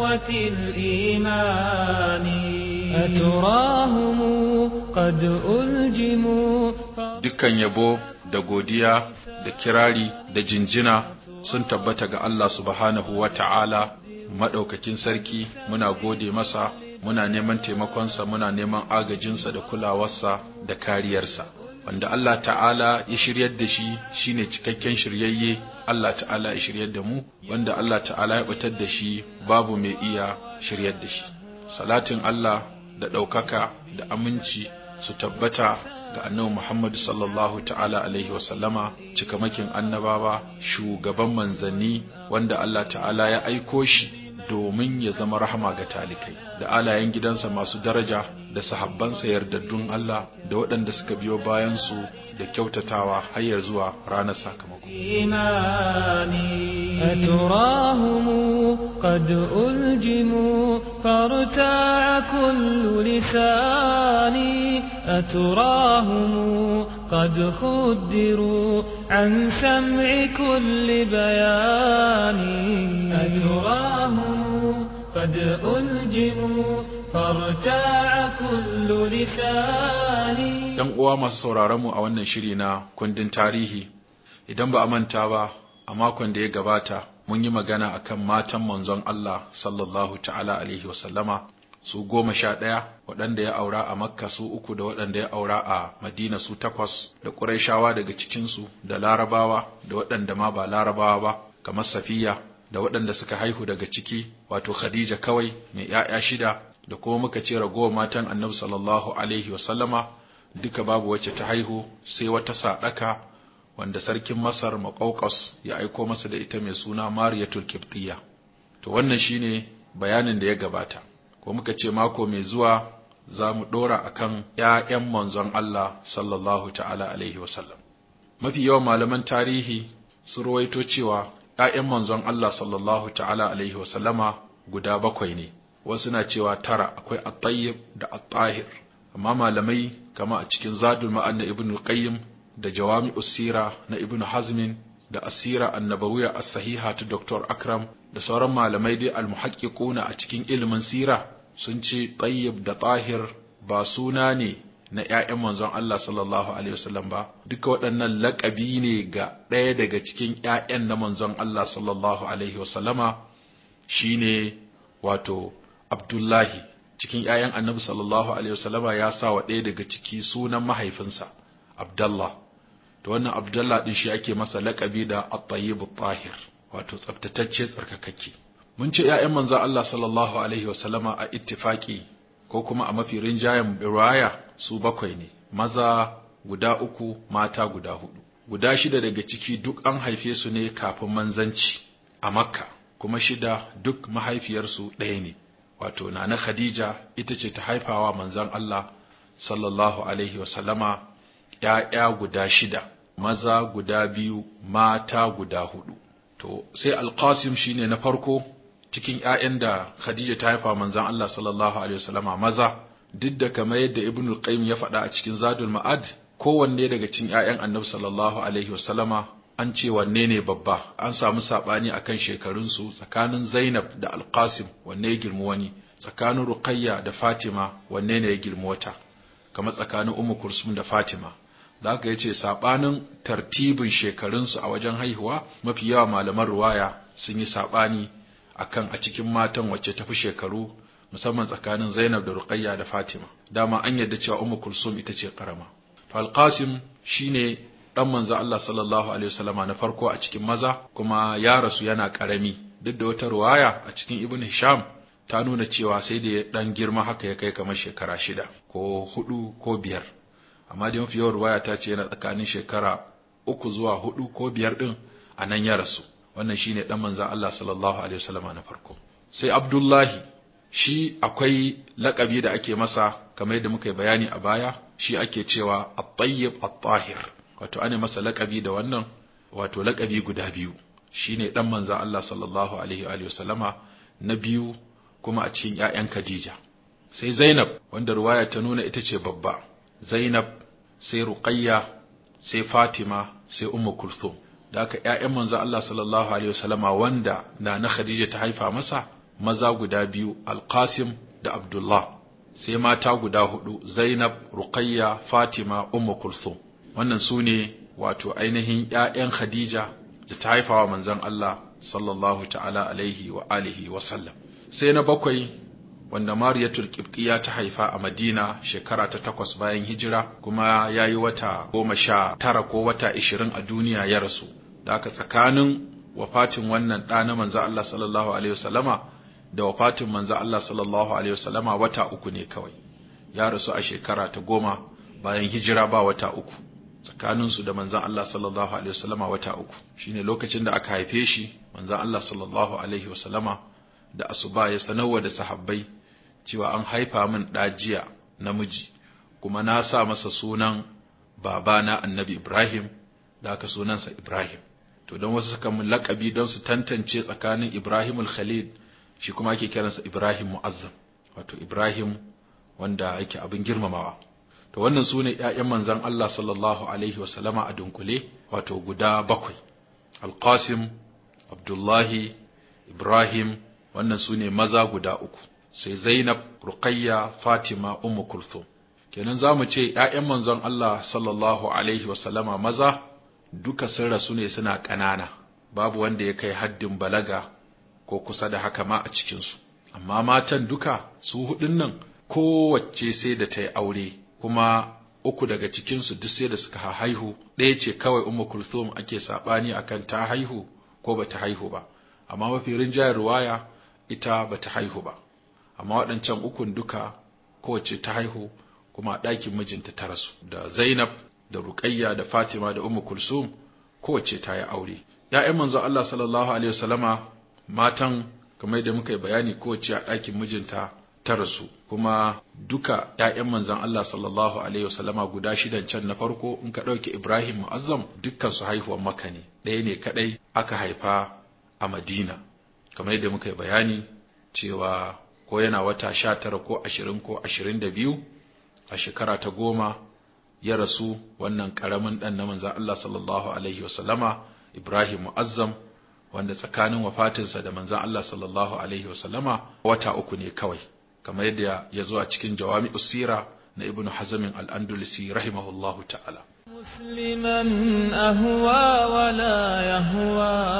إخوة الإيمان أتراهم قد ألجموا dukkan yabo da godiya da kirari da jinjina sun tabbata ga Allah subhanahu wa ta'ala maɗaukakin sarki muna gode masa muna neman taimakonsa muna neman agajinsa da kulawarsa da kariyarsa wanda Allah ta'ala ya shiryar da shi shine cikakken shiryayye Allah ta'ala ya shiryar da mu wanda Allah ta'ala ya batar da shi babu mai iya shiryar da shi salatin Allah da ɗaukaka da aminci su tabbata ga annabi Muhammadu sallallahu ta'ala alaihi wasallama cikamakin annabawa shugaban manzanni wanda Allah ta'ala ya aiko shi domin ya zama rahama ga talikai da alayen gidansa masu daraja da sahabbansa yardaddun Allah da waɗanda suka biyo bayansu da kyautatawa hayar zuwa ranar sakamako. قد خدروا عن سمع كل بيان أتراهم قد ألجموا فارتاع كل لسان دم قوام الصورة رمو أولنا شرينا كندن تاريخي إدم بأمان تابا أما كندي قباتا mun yi magana akan matan manzon Allah sallallahu ta'ala alaihi wasallama su goma sha ɗaya waɗanda ya aura a makka su uku da waɗanda ya aura a madina su takwas da ƙuraishawa daga cikinsu da larabawa da waɗanda ma ba larabawa ba kamar safiya da waɗanda suka haihu daga ciki wato khadija kawai mai ‘ya'ya shida da kuma muka ce ragowar matan annabi sallallahu alaihi wasallama duka babu wacce ta haihu sai wata saɗaka wanda sarkin masar maƙauƙas ya aiko masa da ita mai suna mariyatul kiftiya to wannan shine bayanin da ya gabata ko muka ce mako mai zuwa za mu ɗora a kan ‘ya'yan manzon Allah sallallahu ta'ala alaihi wasallam. Mafi yawan malaman tarihi su ruwaito cewa ‘ya'yan manzon Allah sallallahu ta'ala alaihi wasallama guda bakwai ne, wasu na cewa tara akwai attayyib da attahir, amma malamai kama a cikin zadul ma'an na ibn qayyim da jawami usira na ibn hazmin da asira annabawiya as-sahiha ta Dr. Akram da sauran malamai dai na a cikin ilimin sira sun ce tayyib da tahir ba suna ne na ‘ya'yan manzon Allah sallallahu Alaihi wasallam ba, duka waɗannan laƙabi ne ga ɗaya daga cikin ‘ya'yan na manzon Allah sallallahu Alaihi wasallama shi ne wato Abdullahi, cikin ‘ya'yan annabi sallallahu Alaihi wasallama ya sa wa ɗaya daga ciki sunan mahaifinsa, Abdullah, To wannan Abdullah ɗin shi ake masa laƙabi da At-Tayyib wato tsaftatacce tsarkakakke mun ce 'ya'yan manzo Allah sallallahu alaihi wa sallama a ittifaki ko kuma a mafi rinjayen riwaya su bakwai ne maza guda uku mata guda hudu guda shida daga ciki duk an haife su ne kafin manzanci a makka kuma shida duk mahaifiyarsu ɗaya ne wato nana khadija ita ce ta haifawa manzan Allah sallallahu alaihi wa sallama ‘ya'ya guda shida maza guda biyu mata guda hudu to sai alqasim shine na farko cikin ƴaƴan da khadija ta haifa manzon Allah sallallahu alaihi wasallama maza duk da kamar yadda ibnul qayyim ya faɗa a cikin zadul ma'ad kowanne daga cikin ƴaƴan annabi sallallahu alaihi wasallama an ce wanne ne babba an samu sabani akan su tsakanin zainab da alqasim wanne ya girmi wani tsakanin ruqayya da fatima wanne ne ya girmi wata kamar tsakanin ummu kursum da fatima da aka yace saɓanin tartibin shekarunsu a wajen haihuwa mafi yawa malaman ruwaya sun yi sabani akan a cikin matan wacce tafi shekaru musamman tsakanin Zainab da Ruqayya da Fatima dama an yadda cewa Ummu Kulsum ita ce karama to Al-Qasim shine dan manzo Allah sallallahu alaihi wasallama na farko a cikin maza kuma ya rasu yana karami duk da wata ruwaya a cikin Ibn Hisham ta nuna cewa sai da ya dan girma haka ya kai kamar shekara shida ko hudu ko biyar amma dai mafi yawan ruwaya ta ce yana tsakanin shekara uku zuwa hudu ko biyar din a nan ya rasu wannan shi ne ɗan manzan Allah sallallahu alaihi wasallama na farko sai Abdullahi shi akwai laƙabi da ake masa kamar yadda muka yi bayani a baya shi ake cewa at-tayyib at-tahir wato ana masa laƙabi da wannan wato laƙabi guda biyu shine ɗan manzan Allah sallallahu alaihi wa na biyu kuma a cikin 'ya'yan Khadija sai Zainab wanda ruwaya ta nuna ita ce babba Zainab sai ruqayya sai fatima sai ummu kulthum da aka ƴaƴan manzo Allah sallallahu alaihi wasallama wanda na na Khadija ta haifa masa maza guda biyu al da Abdullah sai mata guda hudu Zainab Ruqayya Fatima Ummu Kulthum wannan sune wato ainihin ƴaƴan Khadija da ta haifa wa manzon Allah sallallahu ta'ala alaihi wa alihi wa sallam sai na bakwai wanda mariyatul ya ta haifa a madina shekara ta takwas bayan hijira kuma ya yi wata goma sha tara ko wata ishirin a duniya ya rasu da aka tsakanin wafatin wannan ɗa na manzo Allah sallallahu alaihi wasallama da wafatin manzo Allah sallallahu alaihi wasallama wata uku ne kawai ya rasu a shekara ta goma bayan hijira ba wata uku tsakaninsu da manzan Allah sallallahu alaihi wasallama wata uku shine lokacin da aka haife shi manzan Allah sallallahu alaihi wasallama da asuba ya sanarwa da sahabbai cewa an haifa min ɗajiya namiji kuma na sa masa sunan babana annabi Ibrahim da aka sunansa Ibrahim to don wasu suka mun laƙabi don su tantance tsakanin Ibrahimul Khalil shi kuma ake kiransa Ibrahim Mu'azzam wato Ibrahim wanda yake abin girmamawa to wannan su ne ‘ya'yan manzan Allah sallallahu Alaihi wasallama a dunkule wato guda bakwai, Alƙasim, Abdullahi, Ibrahim, wannan su ne maza guda uku, sai Zainab Ruqayya Fatima Ummu Kulthum kenan zamu ce ƴaƴan manzon Allah sallallahu alaihi wasallama maza duka sun rasu ne suna ƙanana babu wanda ya kai haddin balaga ko kusa da haka ma a cikinsu. amma matan duka su hudun nan kowace sai da ta yi aure kuma uku daga cikinsu su duk sai da suka haihu ɗaya ce kawai Ummu Kulthum ake sabani akan ta haihu ko bata haihu ba amma mafi rinjayar ruwaya ita bata haihu ba amma waɗancan ukun duka kowace ta haihu kuma a ɗakin mijinta ta rasu da zainab da Rukayya, da fatima da ummu kulsum kowace ta yi aure ya'yan manzo Allah sallallahu alaihi wasallama matan kamar yadda muka yi bayani kowace a ɗakin mijinta ta rasu kuma duka ‘ya'yan manzon Allah sallallahu Alaihi wasallama guda shidan can na farko in ka ɗauki Ibrahim Mu'azzam dukkan su haihuwan maka ne ɗaya ne kaɗai aka haifa a Madina kamar yadda muka yi bayani cewa ko yana wata sha tara ko ashirin ko ashirin da biyu a shekara ta goma ya rasu wannan ƙaramin ɗan na manzan Allah sallallahu alaihi wasallama Ibrahim Mu'azzam wanda tsakanin wafatinsa da manzan Allah sallallahu alaihi wasallama wata uku ne kawai kamar yadda ya zo a cikin jawami usira na ibn hazamin al'andulisi rahimahullahu ta'ala musliman ahuwa wala yahuwa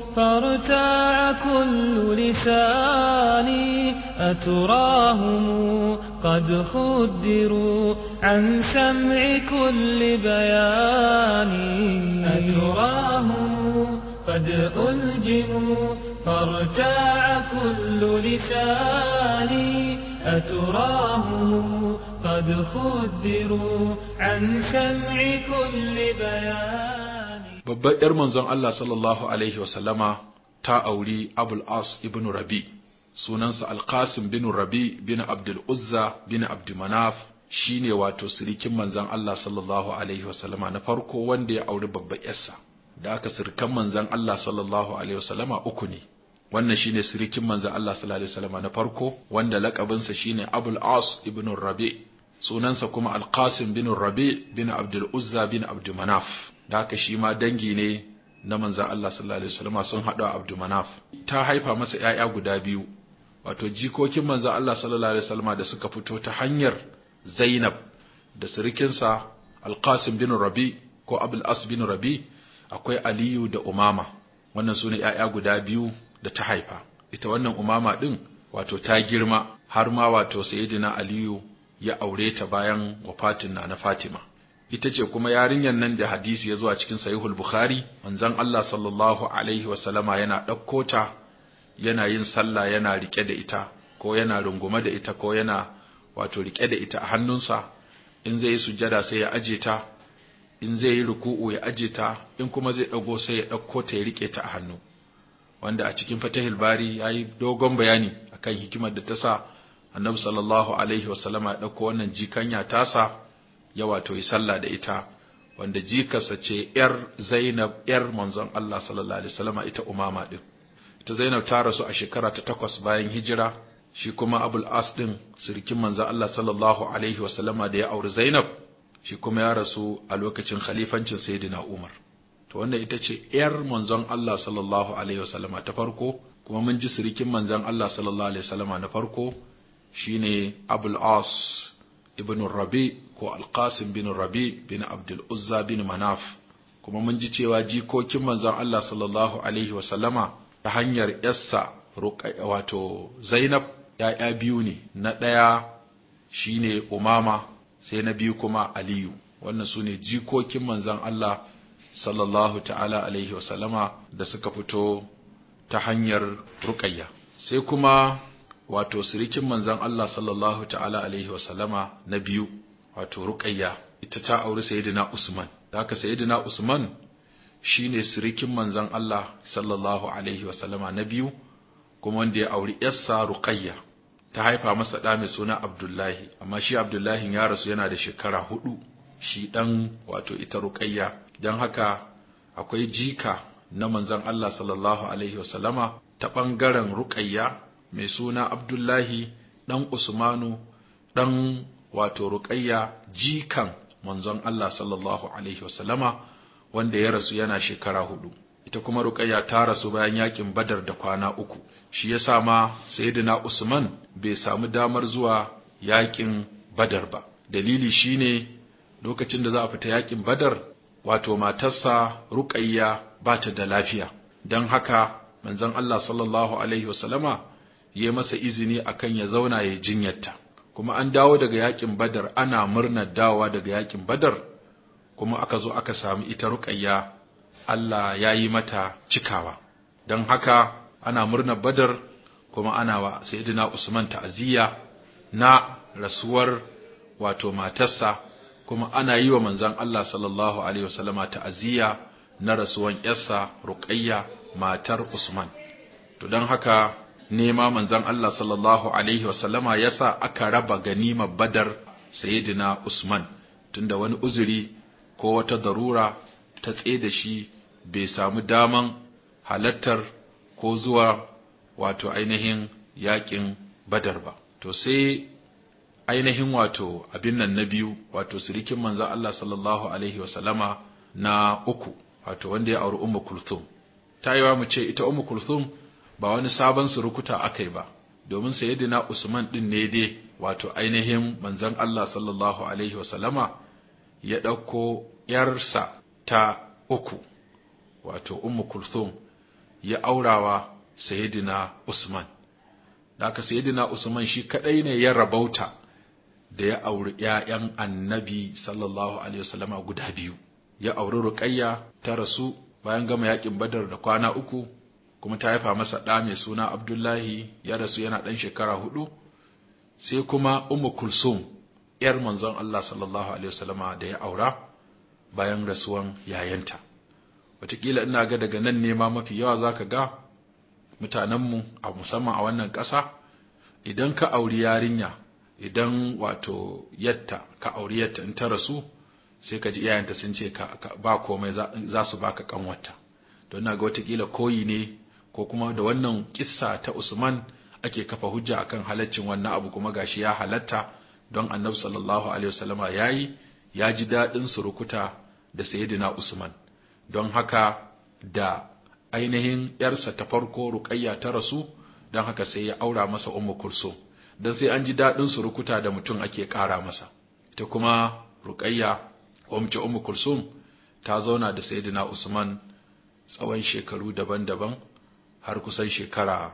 فارتاع كل لساني أتراهم قد خدروا عن سمع كل بياني أتراهم قد ألجموا فارتاع كل لساني أتراهم قد خدروا عن سمع كل بياني babbar yar manzon Allah sallallahu alaihi wasallama ta auri Abul As ibn Rabi sunansa Al-Qasim bin Rabi bin Abdul Uzza bin Abdul Manaf shine wato sirikin manzon Allah sallallahu alaihi wasallama na farko wanda ya auri babbar yarsa da aka sirkan manzon Allah sallallahu alaihi wasallama uku ne wannan shine sirikin manzon Allah sallallahu alaihi wasallama na farko wanda lakabinsa shine Abul As ibn Rabi sunansa kuma Al-Qasim bin Rabi bin Abdul Uzza bin Abdul Manaf da haka shi ma dangi ne na manzan Allah sallallahu alaihi wasallam sun haɗu a Abdulmanaf ta haifa masa ƴaƴa guda biyu wato jikokin manzan Allah sallallahu alaihi wasallam da suka fito ta hanyar Zainab da sirikinsa al bin Rabi ko Abul As bin Rabi akwai Aliyu da Umama wannan sune ƴaƴa guda biyu da ta haifa ita wannan Umama din wato ta girma har ma wato Sayyidina Aliyu ya aure ta bayan wafatin na na Fatima ita ce kuma yarinyar nan da hadisi ya zuwa cikin sahihul bukhari manzon Allah sallallahu alaihi wa sallama yana ɗauko ta yana yin sallah yana rike da ita ko yana rungume da ita ko yana wato rike da ita a hannunsa in zai yi sujjada sai ya aje ta in zai yi ruku'u ya aje ta in kuma zai dago sai ya dauko ta ya rike ta a hannu wanda a cikin fatahil bari yayi dogon bayani akan hikimar da ta sa annabi sallallahu alaihi wa sallama ya ɗauko wannan jikanya tasa ya wato yi sallah da ita wanda jikarsa ce ‘yar Zainab ‘yar manzon Allah sallallahu Alaihi wasallama ita umama ɗin. Ita Zainab ta rasu a shekara ta takwas bayan hijira, shi kuma Abul As ɗin sirkin manzon Allah sallallahu Alaihi wasallama da ya auri Zainab, shi kuma ya rasu a lokacin khalifancin Sayyidina Umar. To wannan ita ce ‘yar manzon Allah sallallahu Alaihi wasallama ta farko, kuma mun ji sirikin manzon Allah sallallahu Alaihi wasallama na farko shine Abul As ibn Rabi ko alqasim bin rabi bin abdul uzza bin manaf kuma mun ji cewa jikokin manzon Allah sallallahu alaihi wa sallama ta hanyar yassa wato zainab ya'ya biyu ne na ɗaya shine umama sai na biyu kuma aliyu wannan su ne jikokin manzon Allah sallallahu ta'ala alaihi wa sallama da suka fito ta hanyar ruƙayya sai kuma wato sirikin manzon Allah sallallahu ta'ala alaihi wa sallama na biyu wato ruqayya ita ta auri sayyidina usman haka sayyidina usman shine sirikin manzon Allah sallallahu alaihi sallama na biyu kuma wanda ya auri yarsa ruqayya ta haifa masa da mai suna abdullahi amma shi abdullahi ya rasu yana da shekara hudu shi dan wato ita ruqayya dan haka akwai jika na manzon Allah sallallahu alaihi wa sallama ta bangaren ruqayya mai suna abdullahi dan usmanu dan wato ruƙayya jikan manzon Allah sallallahu alaihi wasallama wanda ya rasu yana shekara hudu ita kuma ruƙayya ta rasu bayan yakin badar da kwana uku shi yasa ma sayyidina usman bai samu damar zuwa yakin badar ba dalili shine lokacin da za a fita yakin badar wato matarsa ruƙayya ba ta da lafiya don haka manzon Allah sallallahu alaihi wasallama ya masa izini akan ya zauna ya jinyarta kuma an dawo daga yakin badar ana murnar dawa daga yakin badar kuma aka zo aka samu ita ruƙayya Allah ya yi mata cikawa don haka ana murnar badar kuma ana wa sayyidina Usman ta'aziyya na rasuwar wato matarsa kuma ana yi wa manzon Allah sallallahu alaihi wasallama ta'aziyya na rasuwan yarsa Ruqayya matar Usman to don haka nema manzan Allah sallallahu alaihi wasallama yasa aka raba ganima Badar sayidina Usman tunda wani uzuri ko wata darura ta tse da shi bai samu daman halattar ko zuwa wato ainihin yakin Badar ba to sai ainihin wato abin nan na biyu wato sirikin manzan Allah sallallahu alaihi wasallama na uku wato wanda ya auri Ummu Kulthum ta yi wa mu ce ita Ummu Kulthum ba wani sabon surukuta aka yi ba domin sayyidina Usman din ne dai wato ainihin manzon Allah sallallahu alaihi wasallama ya ɗauko ‘yarsa ta uku, wato Ummu Kulthum, ya aurawa Sayyidina Usman. Daka Sayyidina Usman shi kaɗai ne ya rabauta da ya auri ‘ya'yan annabi sallallahu Alaihi wasallama guda biyu, ya auri Ruƙayya ta rasu bayan gama yaƙin badar da kwana uku, kuma ta haifa masa ɗa mai suna Abdullahi ya rasu yana ɗan shekara hudu sai kuma Ummu Kulsum ‘yar manzon Allah sallallahu Alaihi wasallama da ya aura bayan rasuwan yayanta. Wataƙila ina ga daga nan nema mafi yawa za ka ga mutanenmu a musamman a wannan ƙasa idan ka auri yarinya idan wato yatta ka auri yatta in ta rasu sai ka ji iyayenta sun ce ba komai za su baka kanwata don na ga watakila koyi ne ko kuma da wannan kissa ta Usman ake kafa hujja akan halaccin wannan abu kuma gashi ya halatta don Annabi sallallahu alaihi wasallama yayi ya ji dadin surukuta da Sayyidina Usman don haka da ainihin yarsa ta farko Ruqayya ta rasu don haka sai ya aura masa Ummu Kulsum dan sai an ji dadin surukuta da mutum ake ƙara masa ta kuma Ruqayya umce Ummu Kulsum ta zauna da Sayyidina Usman tsawon shekaru daban-daban har kusan shekara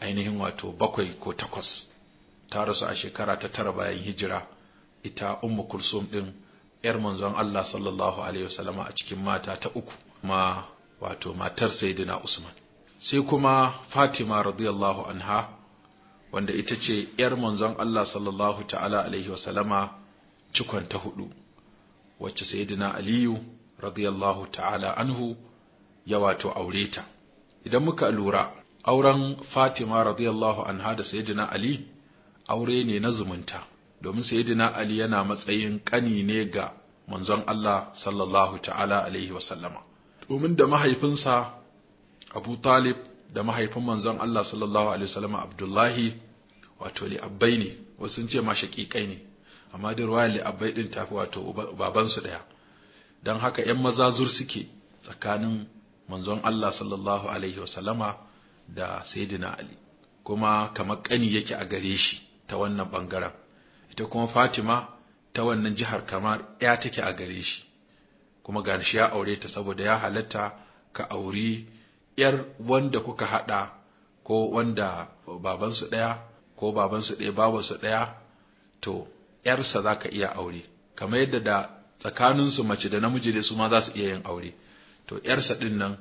ainihin wato bakwai ko takwas ta rasu a shekara ta tara bayan hijira ita ummu kulsum din yar manzon Allah sallallahu alaihi wasallama a cikin mata ta uku ma wato matar sayyidina Usman sai kuma Fatima radiyallahu anha wanda ita ce yar manzon Allah sallallahu ta'ala alaihi wasallama cikon ta hudu wacce sayyidina Aliyu radiyallahu ta'ala anhu ya wato Aureta. ta idan muka lura auren Fatima radiyallahu anha da Sayyidina Ali aure ne na zumunta domin Sayyidina Ali yana matsayin kani ne ga manzon Allah sallallahu ta'ala alaihi wa sallama domin da mahaifinsa Abu Talib da mahaifin manzon Allah sallallahu alaihi wa sallama Abdullahi wato li abbai ne wasu ce ma shaqiqai ne amma da ruwa li abbai din tafi wato babansu daya dan haka ‘yan maza zur suke tsakanin manzon Allah sallallahu alaihi wasallama da sayyidina Ali kuma kamar kani yake a gare shi ta wannan bangaren ita kuma Fatima ta wannan jihar kamar ya take a gare shi kuma ga shi ya aure ta saboda ya halatta ka auri yar wanda kuka haɗa, ko wanda babansu ɗaya, ko babansu daya babansu ɗaya, to yarsa zaka iya aure kamar yadda da tsakaninsu mace da namiji ne su ma za su iya yin aure to yarsa ɗin nan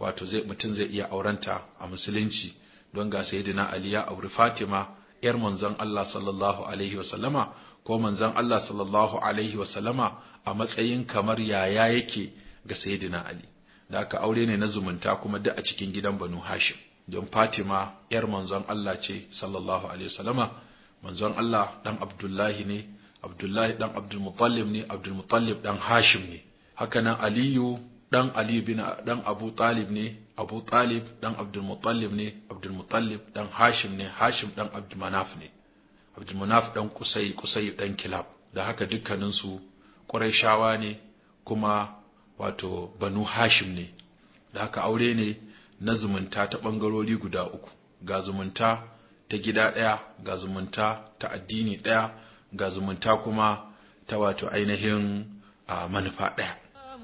wato zai mutum zai iya aurenta a musulunci don ga sayyidina ali ya auri fatima yar manzon Allah sallallahu alaihi wa sallama, ko manzon Allah sallallahu alaihi wa sallama, a matsayin kamar yaya yake ga sayyidina ali da aka aure ne na zumunta kuma duk a cikin gidan banu hashim don fatima yar manzon Allah ce sallallahu alaihi wa sallama manzon Allah dan abdullahi ne abdullahi dan abdul muttalib ne abdul muttalib dan hashim ne haka nan aliyu dan Ali bin dan Abu Talib ne Abu Talib dan Abdul Muttalib ne Abdul Muttalib dan Hashim ne Hashim dan Abdul Manaf ne Abdul Manaf dan Kusai Kusai dan Kilab da haka dukkanin su Qurayshawa ne kuma wato Banu Hashim ne da haka aure ne na zumunta ta bangarori guda uku ga zumunta ta gida ɗaya ga zumunta ta addini ɗaya ga zumunta kuma ta wato ainihin manufa ɗaya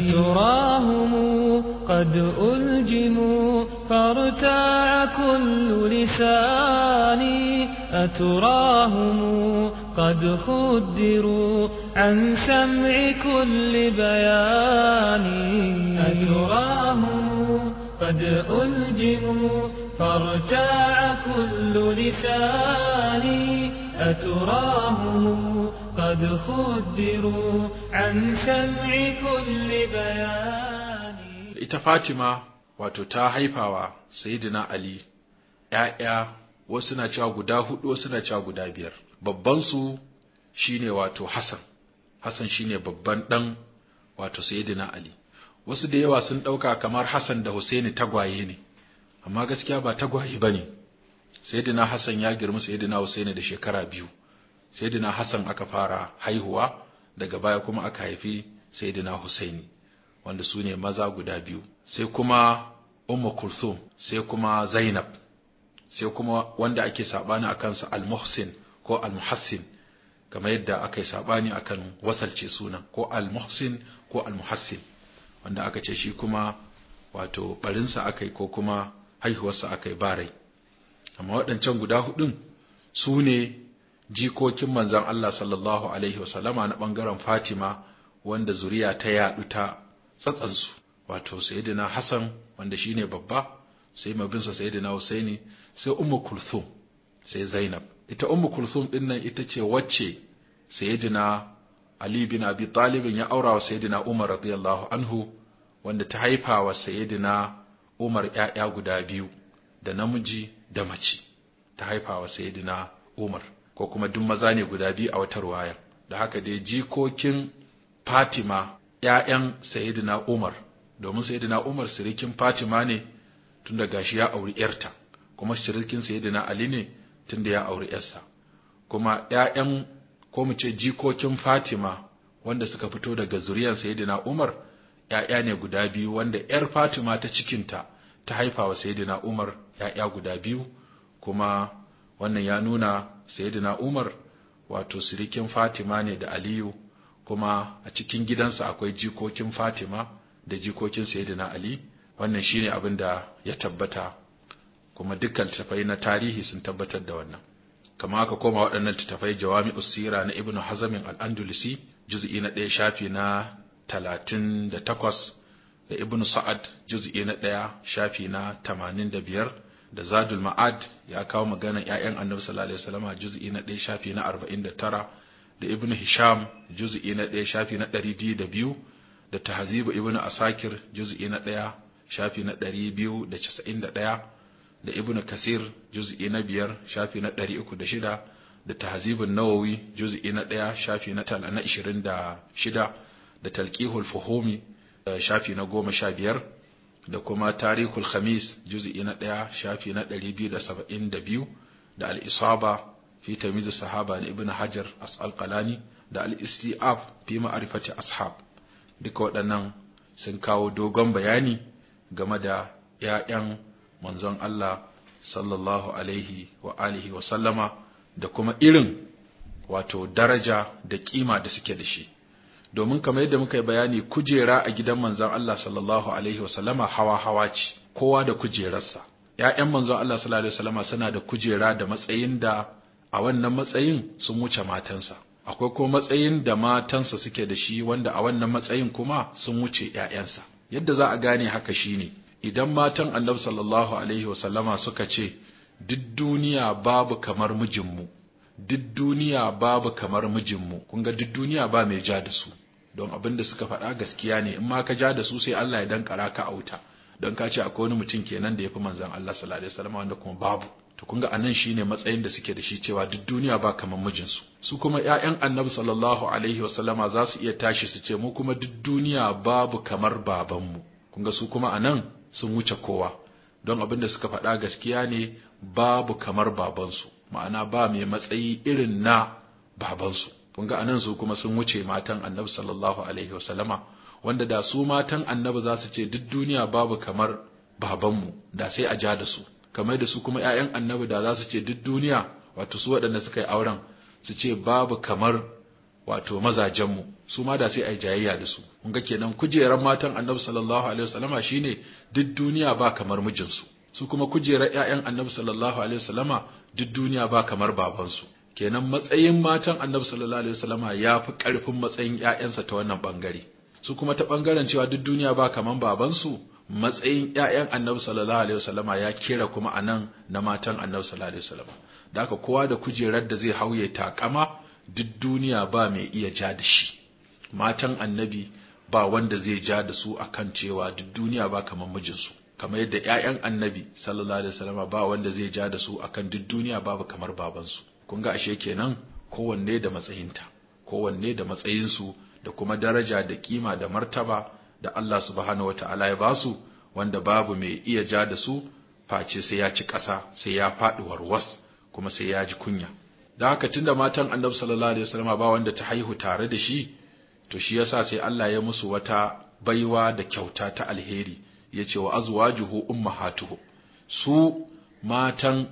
تراهم قد ألجموا فارتاع كل لساني أتراهم قد خدروا عن سمع كل بياني أتراهم قد ألجموا فارتاع كل لساني أتراهم قد خدروا عن سمع كل بيان ita Fatima wato ta haifawa Saidina Ali ‘ya'ya wasu na cewa guda hudu wasu na cewa guda biyar babbansu shine wato Hassan Hassan shine babban ɗan wato Sayyidina Ali wasu da yawa sun ɗauka kamar Hassan da Husaini tagwaye ne amma gaskiya ba tagwaye ba ne sayyidina Hassan ya girma sayyidina Husaini da shekara biyu sayyidina Hassan aka fara haihuwa daga baya kuma aka haifi Saidina Husaini wanda su ne maza guda biyu sai kuma Ummu Kulthum sai kuma Zainab sai kuma wanda ake saɓani akan sa Al-Muhsin ko Al-Muhassin kamar yadda aka yi sabani akan wasalce sunan ko Al-Muhsin ko Al-Muhassin wanda aka ce shi kuma wato barinsa aka yi ko kuma haihuwarsa aka yi rai. amma waɗancan guda hudun su ne jikokin manzan Allah sallallahu alaihi wasallama na ɓangaren Fatima wanda zuriya ta yaɗu ta tsatsansu wato sayidina Hassan wanda shi ne babba sai mabinsa sayidina Husaini sai Ummu Kulthum sai Zainab ita Ummu Kulthum din nan ita ce wacce sayidina Ali bin Abi Talib ya aura wa sayidina Umar radiyallahu anhu wanda ta haifa wa sayyidina Umar ‘ya'ya guda biyu, da namiji da mace ta haifawa sayyidina Umar ko kuma duk maza ne guda biyu a wata ruwaya da haka dai jikokin Fatima ‘ya'yan sayyidina Umar domin sayyidina Umar sirikin Fatima ne tunda gashi ya auri ‘yarta kuma sirikin sayyidina Ali ne tunda ya auri ‘yarsa kuma ‘ya'yan ko mu ce jikokin Fatima wanda suka fito daga zuriyar sayyidina Umar ‘ya'ya ne guda biyu wanda ‘yar Fatima ta cikinta ta haifa wa sayyidina Umar 'ya'ya guda biyu kuma wannan ya nuna sayyidina umar wato sirikin fatima ne da aliyu kuma a cikin gidansa akwai jikokin fatima da jikokin sayyidina ali wannan shine abin da ya tabbata kuma dukkan littattafai na tarihi sun tabbatar da wannan kama aka koma waɗannan littattafai jawami usira na ibnu hazamin al-andalusi juz'i na ɗaya shafi na talatin da takwas da ibnu sa'ad juz'i na ɗaya shafi na tamanin da biyar da zadul ma'ad ya kawo maganar 'ya'yan annabi sallallahu alaihi wasallama juz'i na ɗaya shafi na 49 da ibnu hisham juz'i na ɗaya shafi na 202 da tahzibu ibnu asakir juz'i na ɗaya shafi na 291 da ibnu kasir juz'i na biyar shafi na 306 da tahzibun nawawi juz'i na ɗaya shafi na 26 da talqihul fuhumi eh, shafi na 15 da kuma tarikul khamis juz'i na ɗaya shafi na ɗari biyu da saba'in da biyu da al'isaba fi tamizu sahaba na ibn hajar as'alqalani da al'istiaf fi ma'arifati ashab duka waɗannan sun kawo dogon bayani game da ‘ya'yan manzon Allah sallallahu alaihi wa alihi wa sallama da kuma irin wato daraja da kima da suke da shi domin kamar yadda muka yi bayani kujera a gidan manzon Allah sallallahu alaihi wasallama hawa hawa ce kowa da kujerarsa Ya'yan manzon Allah sallallahu alaihi wasallama suna da kujera da matsayin da a wannan matsayin sun wuce matansa akwai ko matsayin da matansa suke da shi wanda a wannan matsayin kuma sun wuce ya'yansa. yadda za a gane haka shine idan matan Annabi sallallahu alaihi wasallama suka ce duk duniya babu kamar mijinmu duk duniya babu kamar mijinmu kun ga duk duniya ba mai ja da su don abin da suka faɗa gaskiya ne in ma ka ja da su sai Allah ya danƙara ka a wuta don ka ce akwai wani mutum kenan da ya fi manzan Allah sallallahu alaihi wasallam wanda kuma babu to kun ga anan shine matsayin da suke da shi cewa duk duniya ba kamar mijinsu su kuma ƴaƴan annabi sallallahu alaihi wasallama za su iya tashi su ce mu kuma duk duniya babu kamar babanmu kun ga su kuma anan sun wuce kowa don abin da suka faɗa gaskiya ne babu kamar babansu ma'ana ba mai matsayi irin na babansu kun ga anan su kuma sun wuce matan annabi sallallahu alaihi wasallama wanda da su matan annabi za su ce duk duniya babu kamar babanmu da sai a ja da su kamar da su kuma 'ya'yan annabi da za su ce duk duniya wato su waɗanda suka yi auren su ce babu kamar wato mazajenmu su ma da sai a jayayya da su kun ga kenan kujerar matan annabi sallallahu alaihi wasallama shine duk duniya ba kamar mijinsu su kuma kujerar 'ya'yan annabi sallallahu alaihi wasallama duk duniya ba kamar babansu kenan matsayin matan annabi sallallahu alaihi wasallama ya fi karfin matsayin ƴaƴansa ta wannan bangare su kuma ta ɓangaren cewa duk duniya ba kaman su, matsayin ‘ya'yan annabi sallallahu alaihi wasallama ya kera kuma anan na matan annabi sallallahu alaihi wasallama da haka kowa da kujerar da zai hauye takama duk duniya ba mai iya ja da shi matan annabi ba wanda zai ja da su akan cewa duk duniya ba kaman mijinsu kamar yadda ‘ya'yan annabi sallallahu alaihi wasallama ba wanda zai ja da su akan duk duniya babu kamar babansu kun ga ashe kenan kowanne da matsayinta kowanne da matsayinsu da kuma daraja da kima da martaba da Allah subhanahu wata'ala ya basu wanda babu mai iya ja da su face sai ya ci ƙasa sai ya faɗi warwas kuma sai ya ji kunya da haka tunda matan annabi sallallahu alaihi wasallam ba wanda ta haihu tare da shi to shi yasa sai Allah ya musu wata baiwa da kyauta ta alheri yace wa azwajuhu ummahatuhu su matan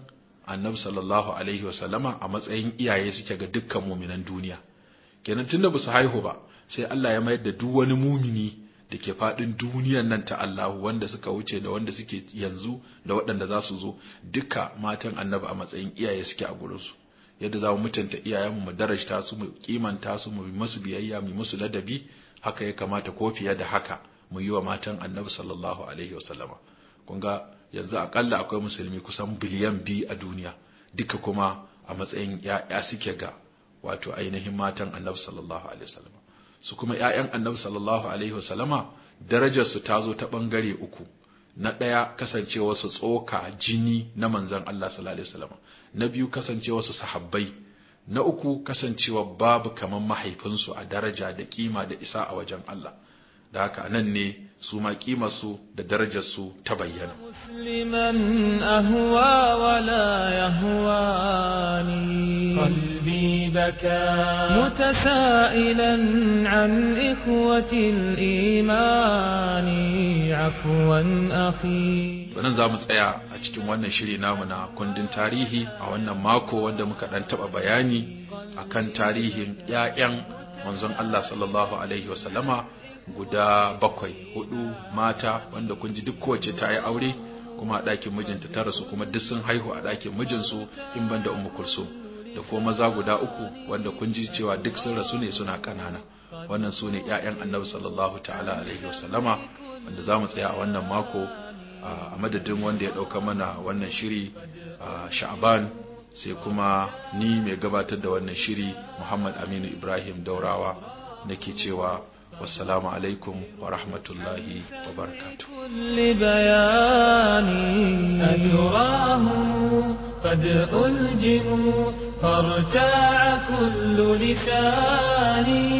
annabi sallallahu alaihi wasallama a matsayin iyaye suke ga dukkan muminan duniya kenan tunda ba su haihu ba sai Allah ya mayar da duk wani mumini da ke faɗin duniyar nan ta Allahu wanda suka wuce da wanda suke yanzu da waɗanda za su zo duka matan annabi a matsayin iyaye suke a gurinsu yadda za mu mutunta iyayenmu mu darajta su mu kimanta su mu musu biyayya mu musu ladabi haka ya kamata ko fiye da haka mu yi wa matan annabi sallallahu alaihi wasallama kun ga yanzu akalla akwai musulmi kusan biliyan biyu a duniya duka kuma a matsayin ya'ya suke ga wato ainihin matan annabi sallallahu alaihi wasallam su kuma ya'yan annabi sallallahu alaihi wasallama darajar su ta zo ta bangare uku na ɗaya kasancewa su tsoka jini na manzon Allah sallallahu alaihi wasallam na biyu kasancewa su sahabbai na uku kasancewa babu kaman mahaifinsu a daraja da kima da isa a wajen Allah da haka nan ne su ma kimarsu da darajarsu ta bayyana. Musliman ahuwa wala ni qalbi baka mutasailan an ikhwati al-imani afwan akhi Wannan za mu tsaya a cikin wannan shiri namu na kundin tarihi a wannan mako wanda muka dan taba bayani akan tarihin 'ya'yan manzon Allah sallallahu alaihi wasallama guda bakwai hudu mata wanda kun ji duk kowace ta yi aure kuma a ɗakin mijinta ta rasu kuma duk sun haihu a ɗakin mijinsu in ban da ummu da kuma maza guda uku wanda kun ji cewa duk sun rasu ne suna ƙanana wannan su ne ƴaƴan annabi sallallahu ta'ala alaihi wasallama wanda za mu tsaya a wannan mako a madadin wanda ya ɗauka mana wannan shiri a sha'aban sai kuma ni mai gabatar da wannan shiri Muhammad Aminu Ibrahim Daurawa nake cewa wassalamu alaikum wa rahmatullahi wa barakatuh قد ألجموا فارتاع كل لساني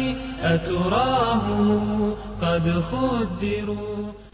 أتراه قد خدروا